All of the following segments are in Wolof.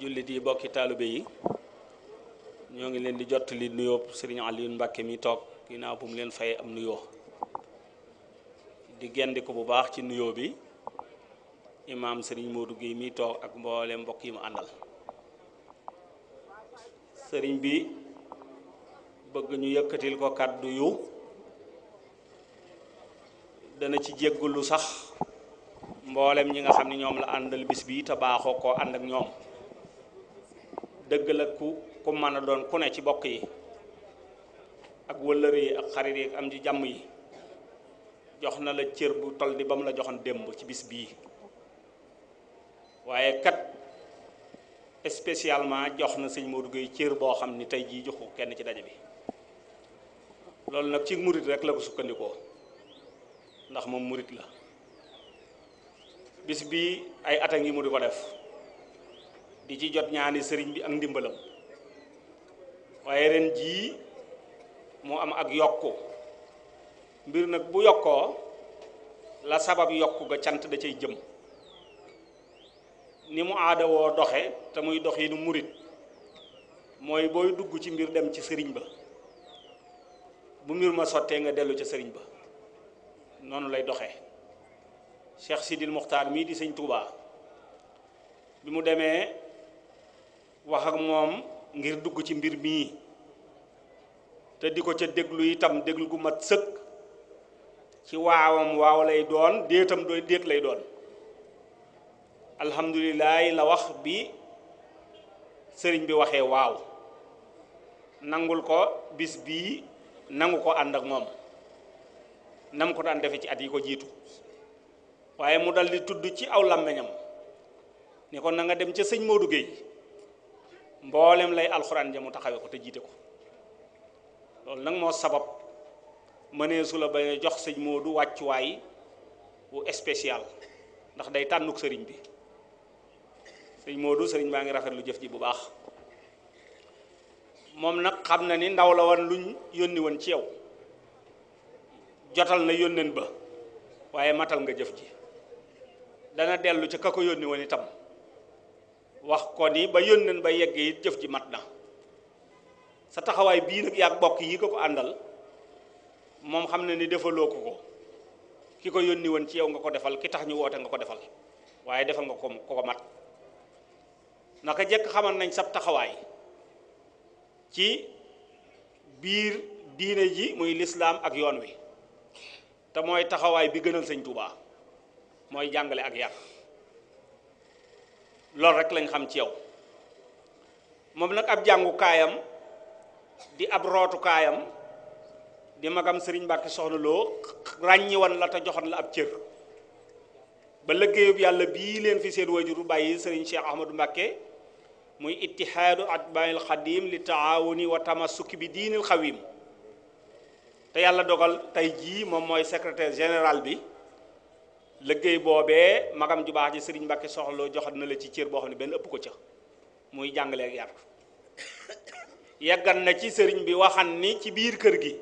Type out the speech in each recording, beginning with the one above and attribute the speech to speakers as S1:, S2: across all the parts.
S1: jullit di bokki kita yi ñoo ngi leen di li nuyo Serigne Alioune Mbacke mi tok ginnaaw bu mu leen fay am nuyo di gendi ko bu baax ci nuyo bi imam Serigne Modou gey mi tok ak mboole mbokk yi mu andal Serigne bi bëgg ñu yëkkatil ko kaddu yu dana ci jéggulu sax mboolem ñi nga xamni ñom la andal bis bi ta baaxoko and ak ñom dëgg la ku ku mën a doon ku ne ci bokk yi ak wëllër yi ak xarit yi ak am di jàmm yi jox na la cër bu toll di ba mu la joxoon démb ci bis bii waaye kat spécialement jox na sëñ Modou Gueye cër boo xam ni tey jii joxu kenn ci daje bi loolu nag ci murit rek la ko sukkandikoo ndax moom murit la bis bii ay attan yi ngi mu di ko def di ci jot ñaani sëriñ bi ak ndimbalam waaye ren jii mu am ak yokku mbir nag bu yokkoo la sabab yokk ga cant da cay jëm ni mu aada woo doxe te muy dox yi nu murit mooy booy dugg ci mbir dem ci sëriñ ba bu mbir ma sottee nga dellu ca sëriñ ba noonu lay doxe Cheikh Sidil Muxtaar mii di sëñ Touba bi mu demee wax ak moom ngir dugg ci mbir mii te di ko ca déglu itam déglu gu mat sëkk ci waawam waaw lay doon déetam dooy déet lay doon alhamdulilahi la wax bi sëriñ bi waxee waaw nangul ko bis bii nangu ko ànd ak moom nam ko daan defe ci at yi ko jiitu waaye mu dal di tudd ci aw làmmeñam ni ko nanga dem ca sëñ Modou Gueye mboolem lay alxuraan ja mu taxawe ko te jiite ko loolu nag moo sabab mëneesu la bañ a jox sëñ Moodu wàccuwaay wu spécial ndax day tànnuk sëriñ bi sëñ Moodu sëriñ baa ngi rafet lu jëf ji bu baax moom nag xam na ni ndaw la woon luñ yónni woon ci yow jotal na yónneen ba waaye matal nga jëf ji dana dellu ci ka ko yónni woon itam wax ko ni ba yónneen ba yegg it jëf ji mat na sa taxawaay bii nag yaa bokk yi ko ko àndal moom xam na ni defaloo ko ko ki ko yónni woon ci yow nga ko defal ki tax ñu woote nga ko defal waaye defal nga ko ko ko mat naka jekk xamal nañ sab taxawaay ci biir diine ji muy lislaam ak yoon wi te mooy taxawaay bi gënal sëñ Tuubaa mooy jàngale ak yàq loolu rek lañ xam ci yow moom nag ab jàngukaayam di ab rootukaayam di magam Serigne Mbacke soxna loo ràññi woon la te joxoon la ab cër ba liggéeyub yàlla bii leen fi seen wajuru bàyyi Serigne Cheikh Ahmadou Mbacke muy ittihaadu atbaayil xadim li taawuni wa sukki bi diinil xawim te yàlla dogal tey jii moom mooy secretaire général bi liggey bobé magam djuba ci serigne mbacké soxlo soxloo joxat na la ci cieur bo xamni ben ëpp ko ci muy jàngale ak yar yagal na ci serigne bi waxan ni ci biir kër gi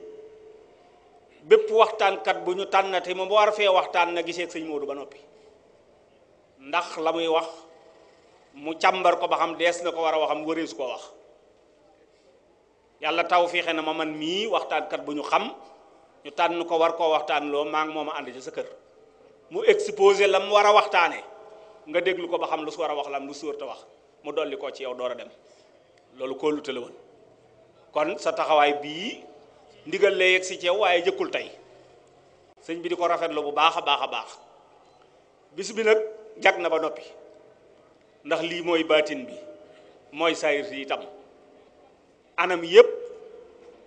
S1: bépp waxtaankat bu ñu tànnate mo war fee waxtaan na gisee ak serigne modou ba noppi ndax la muy wax mu càmbar ko ba xam dees na ko war a waxam wëreesu ko wax yàlla taw na ma man mii waxtaankat bu ñu xam ñu tànn ko war koo waxtaan loo maa ngi ànd ci sa kër mu exposé la mu war a waxtaane nga déglu ko ba xam lu su war a wax lam lu suur te wax mu dolli koo ci yaw door a dem loolu kóolute la woon kon sa taxawaay bii ndigal la yegg si ci waaye jëkkul tey sëñ bi di ko rafetlu bu baax a baax a baax bis bi nag jag na ba noppi ndax lii mooy baatin bi mooy saayir si itam anam yépp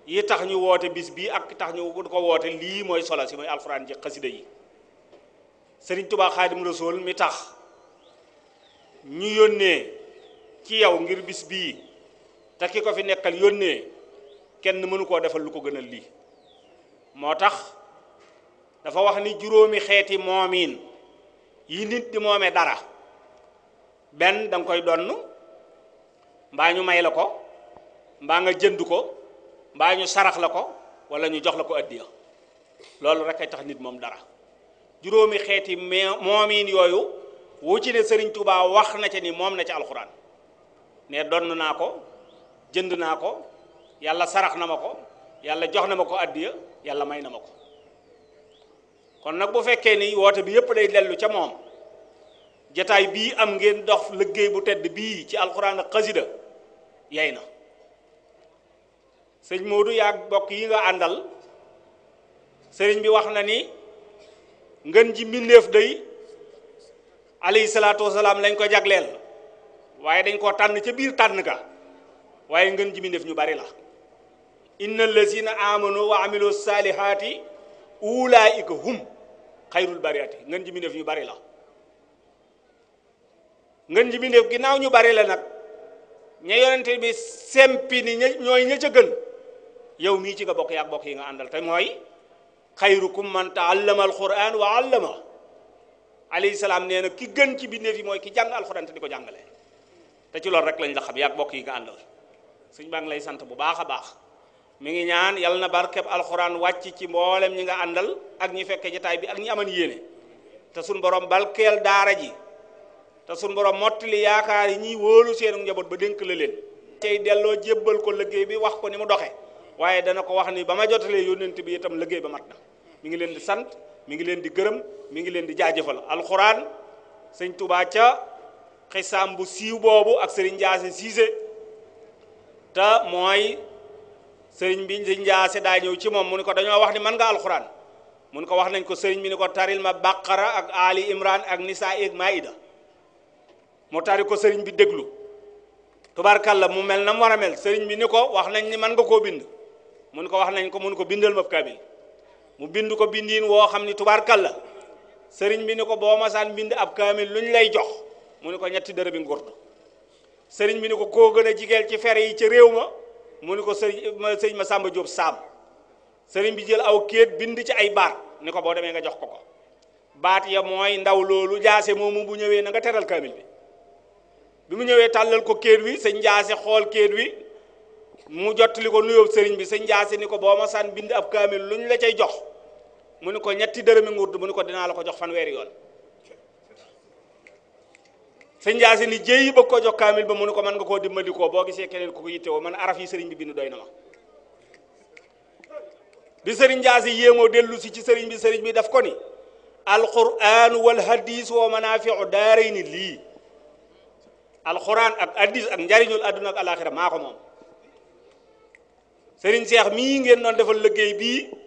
S1: yi tax ñu woote bis bii ak tax ñu ko woote lii mooy solo si mooy alxuraan ji xasida yi sëriñ tubaa xaadim rasool mi tax ñu yónnee ci yow ngir bis bii te ki ko fi nekkal yónnee kenn mënu koo defal lu ko gënal lii moo tax dafa wax ni juróomi xeeti moomiin yi nit di moome dara benn danga koy donn mbaa ñu may la ko mbaa nga jënd ko mbaa ñu sarax la ko wala ñu jox la ko addiya loolu rek ay tax nit moom dara juróomi xeeti moomiin yooyu wu ci ne sëriñ Touba wax na ca ni moom na ca alxuraan ne donn naa ko jënd naa ko yàlla sarax na ma ko yàlla jox na ma ko addiya yàlla may na ma ko kon nag bu fekkee ni woote bi yépp day dellu ca moom jataay bii am ngeen dox liggéey bu tedd bii ci alxuraan ak xasida yay na sëñ Modou yaag bokk yi nga àndal sëriñ bi wax na ni ngën ji mbindeef day alayhi salaatu wasalaam lañ ko jagleel waaye dañ koo tànn ca biir tànn ka waaye ngën ji mbindeef ñu bari la inna allazina amanu wa amilu saalihaati ulaika hum xayrul bariati ngën ji mbindeef ñu bari la ngën ji mbindeef ginnaaw ñu bari la nag ña yonente bi sempi ni ñooy ña ca yow mii ci nga bokk yaak bokk yi nga àndal te mooy Kai man taallama al-qur'an wa allama alayhi salam neena ki gën ci bindé fi moy ki al quran te di ko jàngale te ci lool rek lañ la xam yak bokk yi nga andal suñ baa ngi lay sant bu baaxa baax mi ngi ñaan yalla na barkeb al-qur'an wacc ci mboolem ñi nga andal ak ñi fekke jotaay bi ak ñi aman yéene te suñ borom balkel daara ji te suñ borom motli yaakaar yi ñi wolu seenu njaboot ba dénk la leen tay ko liggéey bi wax ko ni mu doxé waye dana ko wax ni bama jotale yonent bi itam liggéey ba matna mi ngi leen di sant mi ngi leen di gërëm mi ngi leen di jaajëfal alxuraan sëñ Touba ca xisaam bu siiw boobu ak sëriñ Ndiasse Cissé te mooy sëriñ bi sëriñ Ndiasse daa ñëw ci moom mu ne ko dañoo wax ni man nga alxuraan mun ko wax nañ ko sëriñ bi ni ko taril ma baqara ak ali ak nisaa ak maida ko sëriñ bi déglu tubaarkàlla mu mel na mu war a mel sëriñ bi ni ko wax nañ ni man nga koo bind mun ko wax nañ ko mun ko bindal ma kaamil mu bind ko bindiin woo xam ni tubaarkal la sëriñ bi ni ko boo masaan bind ab kaamil luñ lay jox mu ni ko ñetti dërëmi ngurdu sëriñ bi ni ko koo gën a ci fere yi ci réew ma mu ni ko sëriñ sëriñ ma Samba Diop Sam sëriñ bi jël aw kéet bind ci ay baat ni ko boo demee nga jox ko ko baat ya mooy ndaw loolu jaase moomu ñëwee na teral kaamil bi bi mu ñëwee tàllal ko kéet wi sëñ jaase xool kéet wi mu jottali ko nuyoo sëriñ bi sëñ jaase ni ko boo masaan bind ab kaamil luñ la cay jox mu ne ko ñetti dërëmi ngurdu mu ne ko dinaa la ko jox fanweeri yoon sëñ Ndiassé ni jéeyi bëgg ko jox kaamil ba mu ne ko mën nga koo dimbali koo boo gisee keneen ko ko yittewoo man araf yi sëriñ bi bindu doy na ma bi sëriñ Ndiassé yéemoo dellu si ci sëriñ bi sëriñ bi daf ko ni alquran wal hadis wa manaafiu daaray ni lii alquran ak hadis ak njariñul àdduna ak alaxira maa ko moom sëriñ Cheikh mii ngeen doon defal liggéey bii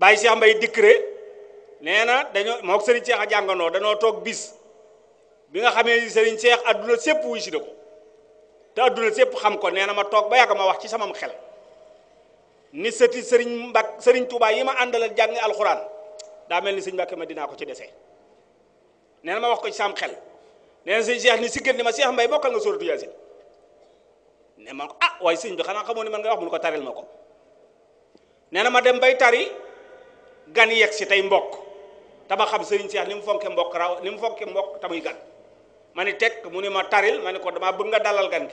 S1: Baye Cheikh Mbaye dikkre nee na dañoo moo Serigne Cheikh a jàngandoo dañoo toog bis bi nga xamee ni Serigne Cheikh adduna sépp wuy si na ko te adduna sépp xam ko nee na ma toog ba yàgg ma wax ci samam xel ni sëti Serigne Mbak Serigne Touba yi ma àndalal jàng alxuraan daa mel ni sëñ Mbàkke ma dinaa ko ci dese nee na ma wax ko ci sam xel nee na ma Cheikh Mbaye bokkal nga sóoratu Yaasin ne man ko ah waaye sëñ bi xanaa xamoo ni man nga wax mun ko taril ma ko nee ma dem bay tari gan yegg si tey mbokk tama xam sëriñ Seex ni mu mbokk raw ni mu fonke mbokk tamuy gan ma ni teg mu ni ma taril ma ni ko dama bëgg nga dalal gan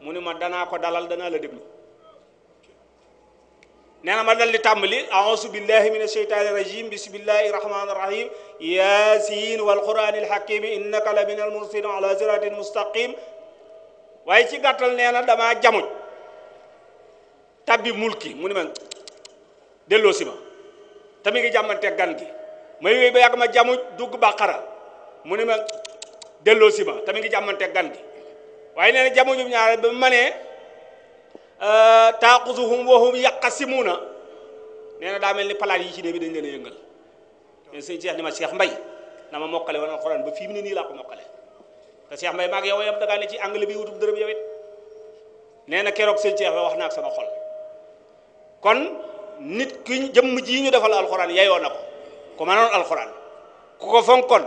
S1: mu ni ma danaa ko dalal danaa la déglu nee na ma dal di tàmbali aousu billahi min asheytaani rajim bismillahi rahmani rahim yasin walqurani alhakimi innaka la min almursalin ala siratin mustaqim waaye ci gàttal nee dama damaa jamuj tabbi mulki mu ni ma delloo si ma te mi ngi jàmmanteeg gan gi may ba yàgg ma jamu dugg bàqara mu ne ma delloo si ma te mi ngi jàmmanteeg gan gi waaye nee na jamono ñaareel ba ma nee euh, taaxusuhum wahum yaqasimuuna nee na daa mel ni palaat yi ci bi dañ leen a yëngal mais sëñ Cheikh ni ma Cheikh Mbay dama mokkale woon alxuraan ba fii mu ne nii ko mokkale te Cheikh Mbay maag yow yam da ngaa ne ci anglais bi wutub dërëm yow it nee na keroog sëñ Cheikh wax na ak sama xol kon. nit ki jëmm ji ñu defal alxuraan yayoo na ko ku mënoon alxuraan ku ko fonkoon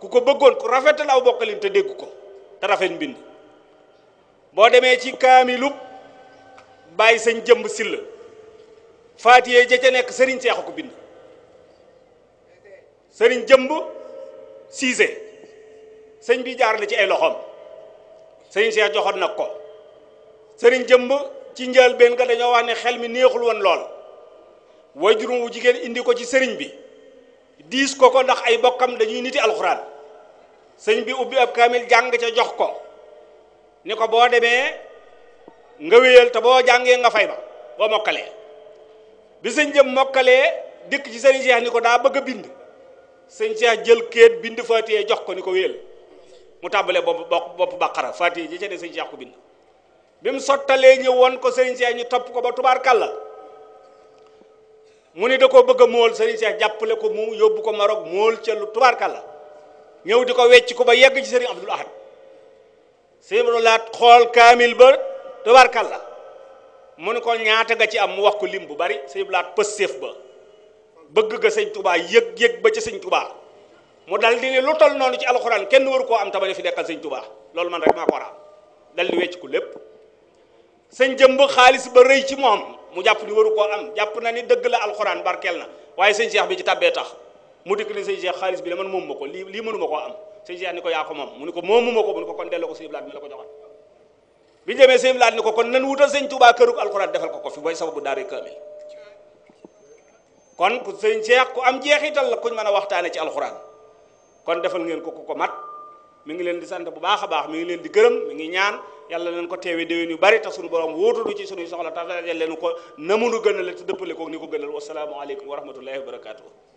S1: ku ko bëggoon ku rafetal aw bokkalin te dégg ko te rafet mbind boo demee ci kaamilub bàyyi sëñ jëmb sill faatiyee ja ca nekk sëriñ seex ko bind sëriñ jëmb siise sëñ bi jaar ci ay loxoom sëriñ seex joxoon nag ko sëriñ jëmb ci njëlbeen ga dañoo wax ne xel mi neexul woon lool wajurum wu jigéen indi ko ci sëriñ bi diis ko ko ndax ay mbokkam dañuy niti alxuraan sëñ bi ubbi ab kaamil jàng ca jox ko ni ko boo demee nga wéyal te boo jàngee nga fay ba boo mokkalee bi sëñ jëm mokkalee dikk ci sëriñ Cheikh ni ko daa bëgg a bind sëñ Cheikh jël kéet bind faatiyee jox ko ni ko wéyal mu tàmbalee bopp bopp bàqara faatiyee ji ca ne sëñ Cheikh ko bind bi sottalee ñëw woon ko sëriñ Cheikh ñu topp ko ba tubaar kàlla mu ni da koo bëgg a mool Serigne Cheikh jàppale ko mu yóbbu ko Maroc mool ca lu tubaarkàlla ñëw di ko wecc ko ba yegg ci Serigne Abdoul Ahad Serigne Abdoul Ahad xool kaamil ba tubaarkàlla mu ne ko ñaata nga ci am mu wax ko lim bu bari Serigne Abdoul Ahad pësséef ba bëgg nga sëñ Touba yëg yëg ba ci sëñ tubaa mu dal di lu toll noonu ci alxuraan kenn waru koo am tamit fi dekkal sëñ tubaa loolu man rek maa ko war a am dal di wecc ko lépp sëñ jëmb xaalis ba rëy ci moom. mu jàpp ni waru koo am jàpp na ni dëgg la alxuraan barkeel na waaye sëñ Cheikh bi ci tàbbee tax mu dikk ni sëñ Cheikh xaalis bi la man moomu ma ko lii lii mënu ma koo am sëñ Cheikh ni ko yaa ko moom mu ni ko moomu ma ko mu ni ko kon delloo ko sëñ Blaat mi la ko joxoon bi ñu demee sëñ Blaat ni ko kon nan wutal sëñ Touba kërug alxuraan defal ko ko fi mooy sababu daari kaamil kon ku sëñ Cheikh ku am jeexital la kuñ mën a waxtaane ci alxuraan kon defal ngeen ko ku ko mat mi ngi leen di sant bu baax a baax mi ngi leen di gërëm mi ngi ñaan yàlla leen ko teewe déwén yu bari te suñu borom wóotudu ci suñuy soxla te dajal leen ko namunu gënale te dëppale ko ni ko gënal wasalaamu aleykum wa wa barakatuh